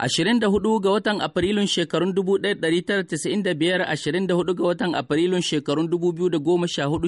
24 ga watan Afrilun shekarun 1995 24 ga watan Afrilun shekarun 2014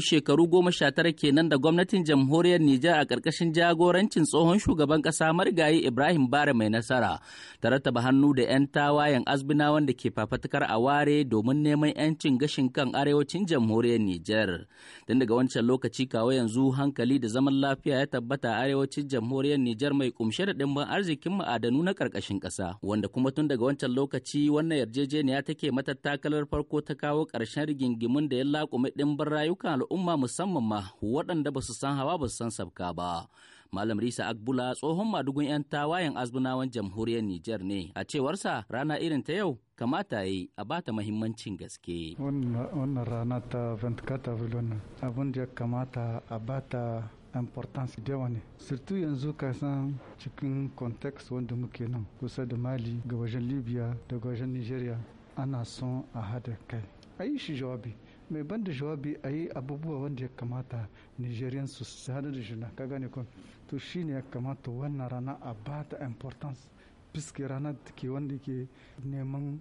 shekaru 19 kenan da gwamnatin jamhuriyar Nijar a ƙarƙashin jagorancin tsohon shugaban ƙasa marigayi Ibrahim Bare mai nasara ta hannu da 'yan tawayen azbina wanda ke fafatukar a ware domin neman 'yancin gashin kan arewacin jamhuriyar Nijar. Tun daga wancan lokaci kawo yanzu hankali da zaman lafiya ya tabbata arewacin jamhuriyar Nijar mai kumshe da ɗimbin arzikin ma'adanu na ƙarƙashin ƙasa. wanda kuma tun daga wancan lokaci wannan yarjejeniya take mata takalar farko ta kawo ƙarshen rigingimun da ya laƙumi ɗimbin rayukan al'umma musamman ma waɗanda ba su san hawa ba su san sabka ba. Malam Risa Agbula tsohon madugun 'yan tawayen azbunawan jamhuriyar Nijar ne, a cewarsa rana irin ta yau kamata yi a bata mahimmancin gaske. Wannan rana ta 24 abin da ya kamata a bata importance da yawa ne surtout yanzu ka san cikin context wanda muke nan kusa da mali ga wajen libya da wajen nigeria ana son a hada kai a yi shi jawabi mai ban da jawabi a yi abubuwa wanda ya kamata nigerian su hada da juna ka gane ko to shine ya kamata wannan rana a ba ta importance fiske rana ke wanda ke neman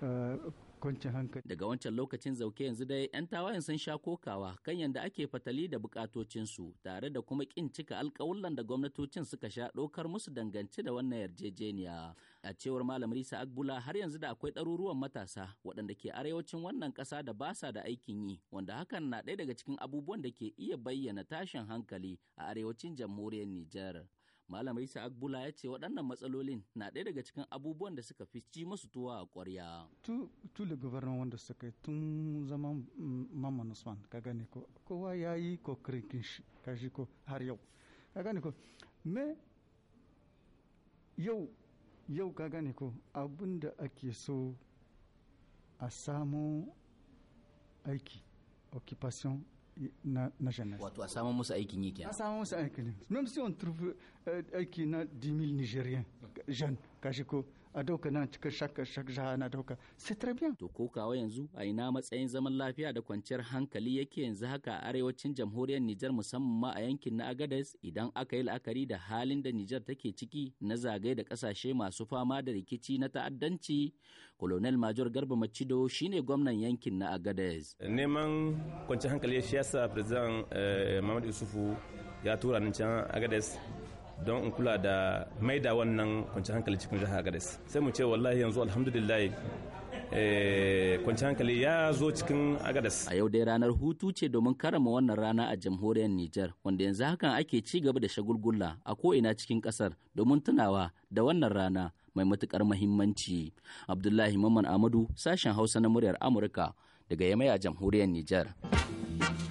eh, kwancin hankali. Daga wancan lokacin zauke yanzu dai 'yan tawayen sun sha kokawa kan yadda ake fatali da bukatocinsu tare da kuma kin cika alkawullan da gwamnatocin suka sha ɗaukar musu danganci da wannan yarjejeniya. A cewar Malam Risa Agbula har yanzu da akwai ɗaruruwan matasa waɗanda ke arewacin wannan ƙasa da ba sa da aikin yi wanda hakan na ɗaya daga cikin abubuwan da ke iya bayyana tashin hankali a arewacin jamhuriyar Nijar. Malam Isa Agbula ya ce waɗannan matsalolin na ɗaya daga cikin abubuwan da suka fi masu tuwa a ƙwarya. Tu da gubernan wanda suka yi tun zaman mm, Mamman Usman ka gane ko kowa ya yi ko kirkin shi ka shi ko har yau ka gane ko me yau yau ka gane ko abin da ake so a samu aiki occupation na, na jeunesse. Wato a samu musu aikin yi kenan. A samu musu aikin yi. Même si on trouve aiki euh, na 10 000 Nigériens jeunes. gashi ko a dauka nan cikin shakka shakka na dauka très bien To ko kawo yanzu a ina matsayin zaman lafiya da kwanciyar hankali yake yanzu haka a arewacin jamhuriyar Nijar musamman ma a yankin na Agadez idan aka yi la'akari da halin da Nijar take ciki na zagaye da kasashe masu fama da rikici na ta'addanci. Colonel Major Garba Macido shine gwamnan yankin na Agadez. Neman kwanciyar hankali shi yasa President eh, Muhammadu Yusufu ya tura ni can Agadez don in kula da mai da wannan kwanci hankali cikin jihar agadez sai mu ce wallahi yanzu alhamdulillah eh, kwanci hankali ya zo cikin agadas. A yau dai ranar hutu ce domin karama wannan rana a jamhuriyar Nijar, wanda yanzu hakan ake ci gaba da shagulgula a ko ina cikin kasar domin tunawa da wannan rana mai matukar mahimmanci. Abdullahi Mamman Amadu, sashen Hausa na muryar Amurka daga Yamai a jamhuriyar Nijar.